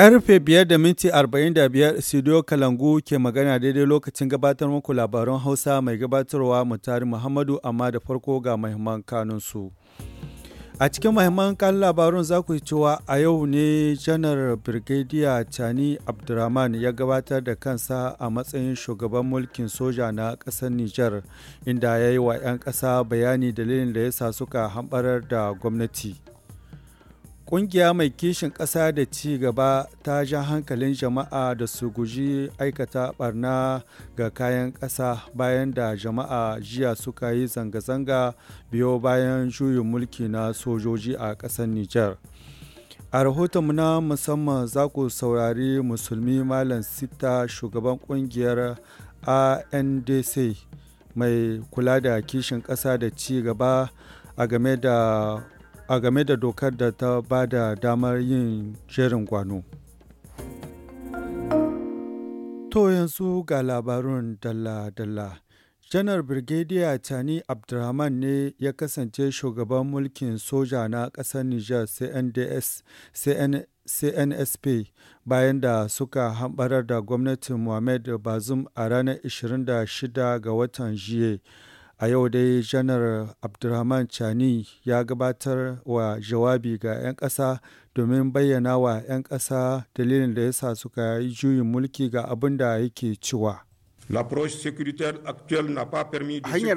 Karfe biyar da minti arba'in da Kalangu ke magana daidai lokacin gabatar muku labaran Hausa mai gabatarwa Mutari Muhammadu amma da farko ga mahimman kanunsu. A cikin mahimman kan labarun za ku cewa a yau ne janar Birgediya Chani Abdurrahman ya gabatar da kansa a matsayin shugaban mulkin soja na ƙasar Nijar, inda ya yi wa 'yan ƙasa bayani dalilin da ya sa suka hambarar da gwamnati. Ƙungiya mai kishin ƙasa da ci gaba ta ja hankalin jama'a da su guji aikata barna ga kayan ƙasa bayan da jama'a jiya suka yi zanga-zanga biyo bayan juyin mulki na sojoji a ƙasar Nijar. A rahotonmu na musamman za ku saurari musulmi Malam Sita shugaban ƙungiyar ANDC mai kula da kishin ƙasa da ci gaba a game da a game da dokar da ta ba da damar yin jerin kwano. To yanzu ga labarun dalla-dalla. janar birgediya tani Abdurrahman ne ya kasance shugaban mulkin soja na ƙasar nijar cnds cnsp bayan da suka hambarar da gwamnatin mohamed bazum a ranar 26 ga watan jiya a yau dai janar abdulrahman chani ya gabatar wa jawabi ga 'yan ƙasa domin bayyana wa 'yan ƙasa dalilin da ya sa suka yi juyin mulki ga abin da yake cewa Hanyar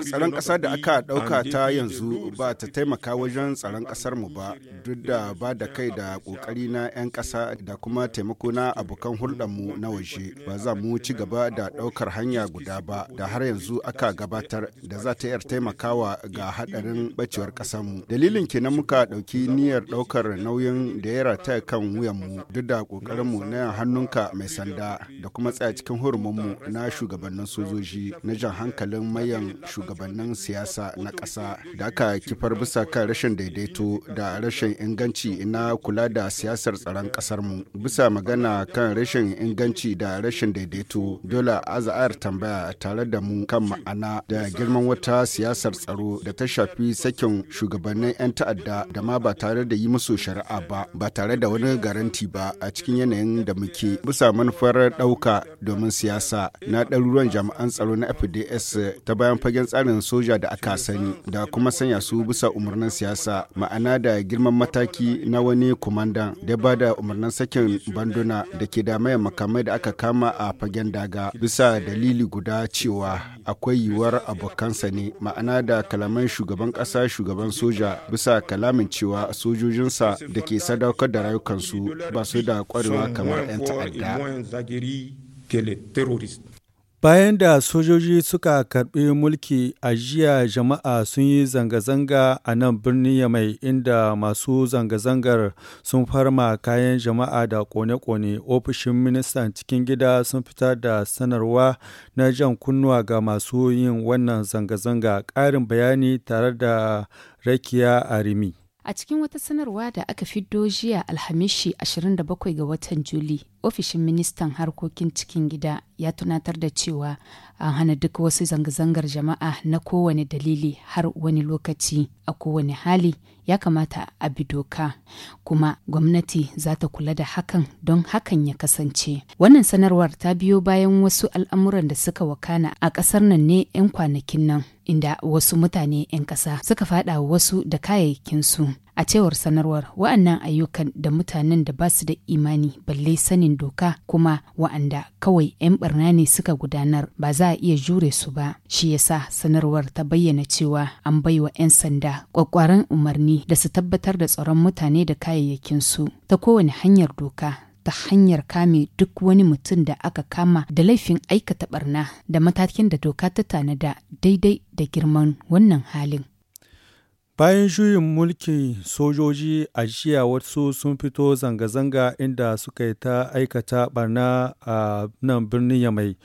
tsaron ƙasa da aka ɗauka ta yanzu ba ta taimaka wajen tsaron ƙasar mu ba duk da ba da kai da ƙoƙari na 'yan ƙasa da kuma taimako na abokan hulɗarmu na waje ba za mu ci gaba da ɗaukar hanya guda ba da har yanzu aka gabatar da za ta iya taimakawa ga haɗarin bacewar mu. Dalilin kenan muka ɗauki niyyar ɗaukar nauyin da ya rataya kan wuyanmu duk da ƙoƙarinmu na hannunka mai sanda da kuma tsaya cikin hurumunmu na shugaban shugabannin sojoji na jan hankalin mayan shugabannin siyasa na ƙasa da aka kifar bisa kan rashin daidaito da rashin inganci na kula da siyasar tsaron ƙasarmu bisa magana kan rashin inganci da rashin daidaito dole aza'ar tambaya tare da mu kan ma'ana da girman wata siyasar tsaro da ta shafi sakin shugabannin 'yan ta'adda da ma ba tare da yi musu shari'a ba ba tare da wani garanti ba a cikin yanayin da muke bisa manufar ɗauka domin siyasa na ɗaru ɗaruruwan jami'an tsaro na fds ta bayan fagen tsarin soja da aka sani da kuma sanya su bisa umarnin siyasa ma'ana da girman mataki na wani kumandan da ba da umarnin sakin banduna da ke da maye makamai da aka kama a fagen daga bisa dalili guda cewa akwai yiwuwar abokansa ne ma'ana da kalaman shugaban kasa shugaban soja bisa kalamin cewa sojojinsa da ke sadaukar da rayukansu ba su da kwarewa kamar 'yan ta'adda. Bayan da sojoji suka karɓi mulki a jiya jama'a sun yi zanga-zanga a nan birnin Yamai inda masu zanga-zangar sun farma kayan jama'a da kone-kone ofishin ministan cikin gida sun fita da sanarwa na jan kunnuwa ga masu yin wannan zanga-zanga ƙarin bayani tare da rakiya rimi. A cikin wata sanarwa da aka fiddo jiya Alhamishi 27 ga watan Juli, ofishin ministan harkokin cikin gida ya tunatar da cewa an hana duk wasu zanga-zangar jama'a na kowane dalili har wani lokaci a kowane hali ya kamata a bi doka kuma gwamnati za ta kula da hakan don hakan ya kasance wannan sanarwar ta biyo bayan wasu al'amuran da suka wakana a ƙasar nan ne 'yan kwanakin nan inda wasu mutane 'yan ƙasa suka fada wasu da kayayyakinsu A cewar sanarwar wa'annan ayyukan da mutanen da ba su da imani balle sanin doka kuma wa'anda kawai 'yan barna ne suka gudanar ba za a iya jure su ba. Shi yasa sanarwar ta bayyana cewa an bai wa 'yan sanda kwakwaran umarni da su tabbatar da tsaron mutane da kayayyakinsu ta kowane hanyar doka ta hanyar kame duk wani mutum da aka kama da laifin aikata barna da matakin da doka ta tanada daidai da girman wannan halin. Bayan juyin mulkin sojoji a jiya wasu sun fito zanga-zanga inda suka yi ta aikata barna a nan birnin Yamai.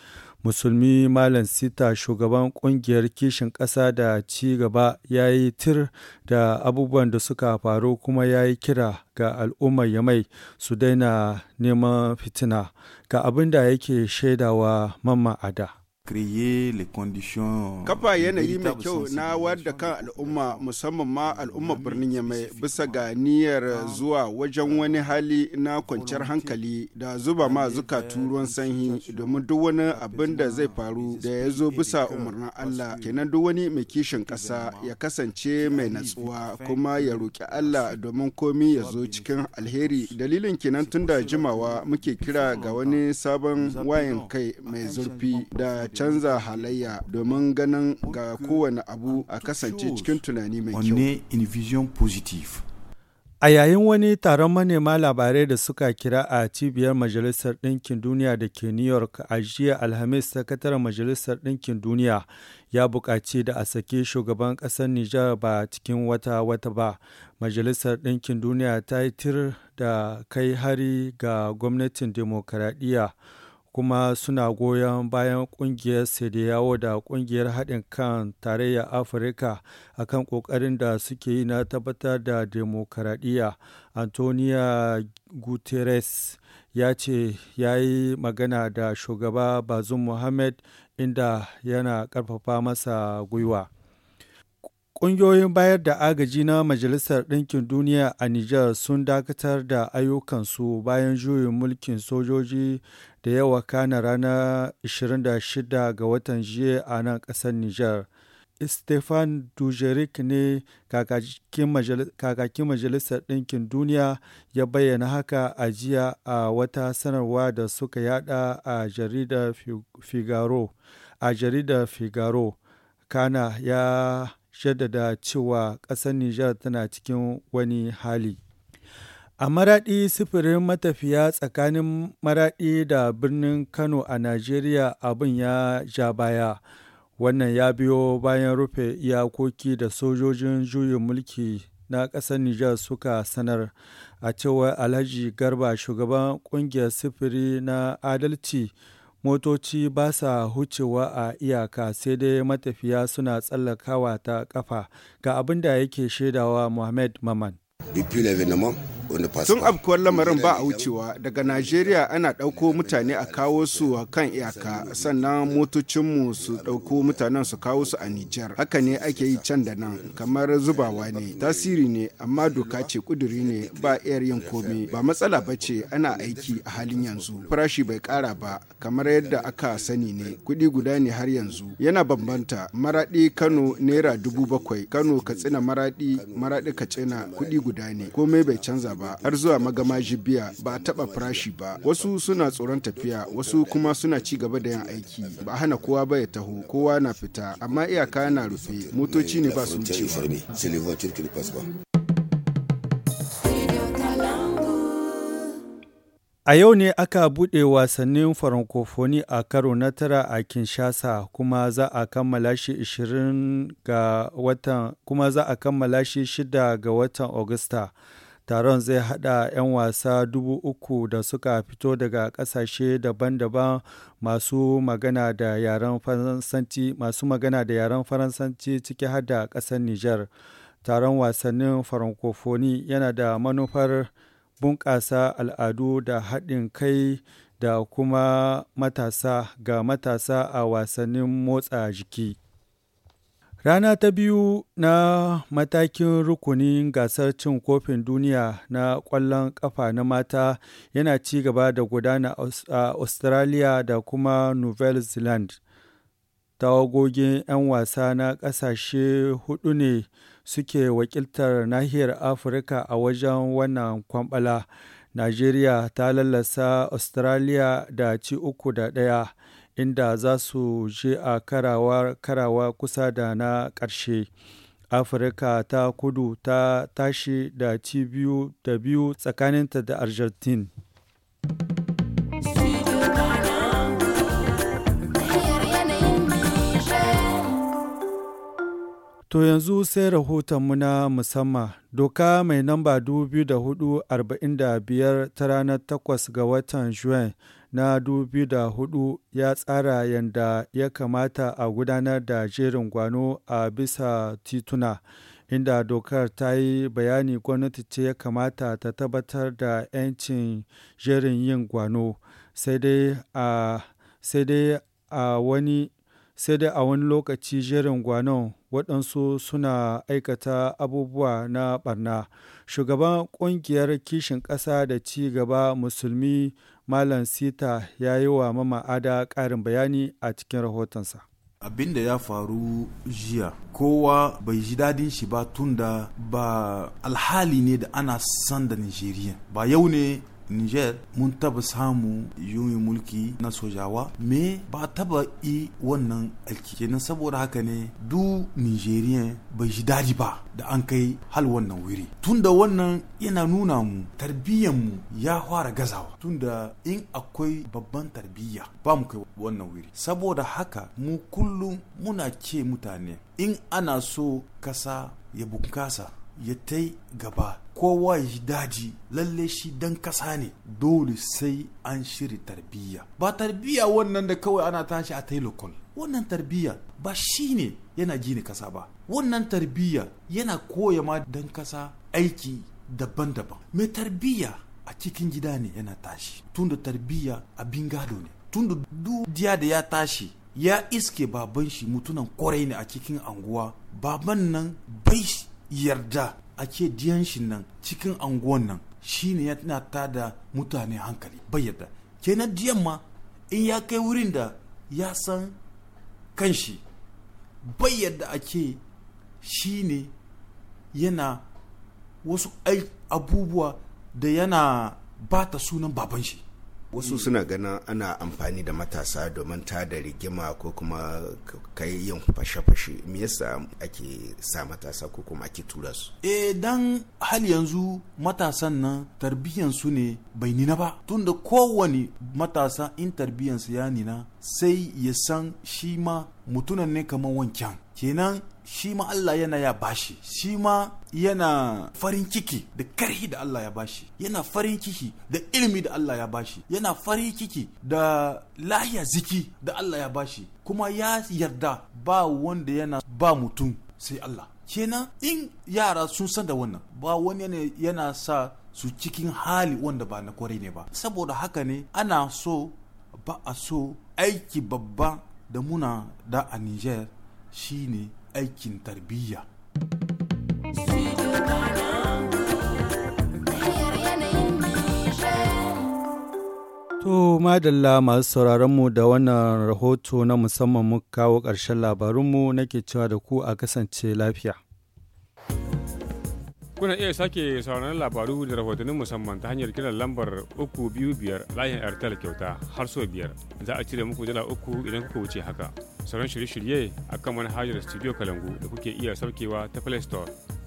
Musulmi Malam Sita shugaban kungiyar kishin ƙasa da ci gaba ya yi tir da abubuwan da suka faru kuma ya yi kira ga al'ummar Yamai su daina neman fitina ga abin da yake shaidawa mamma ada. Kafa yanayi mai kyau na wadda kan al'umma musamman ma al'umma birnin mai bisa ga niyyar ah. zuwa wajen wani hali na kwanciyar hankali da zuba ma zukatu ruwan sanyi domin duk wani abin da zai faru da ya zo bisa umarnin Allah kenan duk wani mai kishin kasa ya kasance mai natsuwa kuma ya roƙi Allah domin komi ya zo cikin alheri dalilin kenan tun da jimawa muke kira ga wani sabon wayan kai mai zurfi da canza halayya domin ganin ga kowane abu a kasance cikin tunani mai kyau. A yayin wani taron manema labarai da suka kira a cibiyar Majalisar Ɗinkin Duniya da ke New York a jiya Alhamis, sakataren Majalisar Ɗinkin Duniya ya buƙaci da a sake shugaban ƙasar Nijar ba cikin wata wata ba. Majalisar Ɗinkin Duniya ta yi tir da kai hari ga gwamnatin demokaradiyya. kuma suna goyon bayan kungiyar sediyawo da kungiyar haɗin kan tarayyar afirka akan ƙoƙarin da suke yi na tabbatar da demokaradiyya antonia guterres ya ce ya yi magana da shugaba bazum muhammad inda yana ƙarfafa masa gwiwa Ƙungiyoyin bayar da agaji na Majalisar Ɗinkin Duniya a Nijar sun dakatar da ayyukansu bayan juyin mulkin sojoji da yawa kana ranar 26 ga watan jiya a nan ƙasar Nijar. Stefan Dujerik ne kakakin Majalisar Ɗinkin Duniya ya bayyana haka a jiya a wata sanarwa da suka yada a jaridar Figaro. A jaridar Figaro, Kana ya jaddada cewa ƙasar Nijar tana cikin wani hali. A maraɗi sifirin matafiya tsakanin maraɗi da birnin Kano a Najeriya abin ya ja baya. Wannan ya biyo bayan rufe iyakoki da sojojin juyin mulki na ƙasar Nijar suka sanar a cewa Alhaji Garba shugaban ƙungiyar sifiri na adalci Motoci ba sa hucewa a iyaka, sai dai matafiya suna tsallakawa ta ƙafa, ga abin da yake shaidawa Mohammed Maman. tun afkuwar lamarin ba a wucewa daga najeriya ana ɗauko mutane a kawo su a kan iyaka sannan motocinmu su ɗauko mutanen su kawo su a nijar haka ne ake yi can da nan kamar zubawa ne tasiri ne amma doka ce kuduri ne ba iyar yin komi ba matsala ba ce ana aiki a halin yanzu farashi bai ƙara ba kamar yadda aka sani ne kuɗi guda ne har yanzu yana bambanta maraɗi kano naira dubu bakwai kano katsina maraɗi maraɗi katsina kuɗi guda ne komai bai canza ba har zuwa magama jibiya ba a taba farashi ba wasu suna tsoron tafiya wasu kuma suna ci gaba da yin aiki ba hana kowa ba ya taho kowa na fita amma iyaka na rufe motoci ne ba su A yau ne aka buɗe wasannin farankofoni a karo na tara a Kinshasa kuma za a kammala shi 20 ga watan kuma za a kammala shi 6 ga watan Agusta. Taron zai hada 'yan wasa dubu uku da suka fito daga kasashe daban-daban masu magana da yaren Faransanci masu magana da yaren Faransanci ciki hada da ƙasar Nijar. Taron wasannin Farankofoni yana da manufar bunƙasa al'adu da haɗin kai da kuma matasa ga matasa a wasannin motsa jiki. Rana ta biyu na matakin rukunin gasar cin kofin duniya na ƙwallon ƙafa na mata yana ci gaba da gudana a Australia da kuma New Zealand. Tawagogin 'yan wasa na ƙasashe hudu ne suke wakiltar nahiyar Afirka a wajen wannan kwambala. Najeriya ta lalasa Australia da ci uku da ɗaya. inda za su je a karawa, karawa kusa da na ƙarshe. Afirka ta kudu ta tashi da ci biyu da biyu tsakaninta da Argentine. To yanzu sai rahotonmu na musamman. Doka mai namba 2445 ta ranar 8 ga watan Juin na 2004 ya tsara yadda ya kamata a gudanar da jerin gwano a bisa tituna inda dokar ta yi bayani gwamnati ce ya kamata ta tabbatar da 'yancin jerin yin gwano sai dai a wani lokaci jerin gwano waɗansu suna aikata abubuwa na barna Shugaban ƙungiyar kishin ƙasa da ci gaba musulmi Malam Sita ya yi wa Mama Ada ƙarin bayani a cikin rahotonsa. abin da ya faru jiya kowa bai ji dadin shi ba tunda ba alhali ne da ana san da Nigeria. ba yau ne niger mun taba samu yuyin mulki na sojawa me ba taba yi wannan alki kenan saboda haka ne du nigerian bai ji daɗi ba da an kai hal wannan wuri tunda wannan yana nuna mu mu ya fara gazawa tunda in akwai babban tarbiyya ba mu kai wannan wuri saboda haka mu kullum muna ce mutane in ana so kasa ya bunkasa ya tai gaba kowa ya ji daji lalle shi dan kasa ne dole sai an shiri tarbiyya ba tarbiyya wannan da kawai ana tashi a taylokol wannan tarbiyya ba shi ne yana gini kasa ba wannan tarbiyya yana koya ma dan kasa aiki daban-daban mai tarbiyya a cikin gida ne yana tashi tunda tarbiyya abin gado ne tunda duk da ya tashi ya iske baban shi mutunan kwarai ne a cikin anguwa baban nan bai shi. yarda ake diyan shi nan cikin anguwan nan shine ta da mutane hankali bai yarda kenan diyan ma in ya kai wurin da ya san kanshi bai yarda ake shine yana wasu abubuwa da yana bata sunan baban shi wasu suna ganin ana amfani da matasa domin ta da rigima ko kuma kai yin fashe-fashe me yasa ake sa matasa ko kuma ake tura su eh dan hal yanzu matasan nan tarbiyyan su ne bai nina ba tunda kowane matasa in tarbiyyan ya nina sai ya san shi ma mutunan ne kamar wancan kenan shi ma Allah yana ya bashi shi ma yana farin ciki da karhi da Allah ya bashi yana farin ciki da ilimi da Allah ya bashi yana farin ciki da lahiya ziki da Allah ya bashi kuma ya yarda ba wanda yana ba mutum sai Allah kenan in yara sun san da wannan ba wani yana sa su cikin hali wanda ba na kwarai ne ba saboda haka ne ana so ba a so aiki babba da muna da a Niger shine aikin tarbiyya. To madalla masu sauraronmu da wannan rahoto na musamman muka kawo ƙarshen labarunmu nake cewa da ku a kasance lafiya. Kuna iya sake sauraron labaru da rahotannin musamman ta hanyar kiran lambar 325 layin Airtel kyauta har so biyar. Za a cire muku dala uku idan kuka wuce haka. sauran shirye-shirye kan manhajar Studio Kalangu da kuke iya saukewa ta Play Store.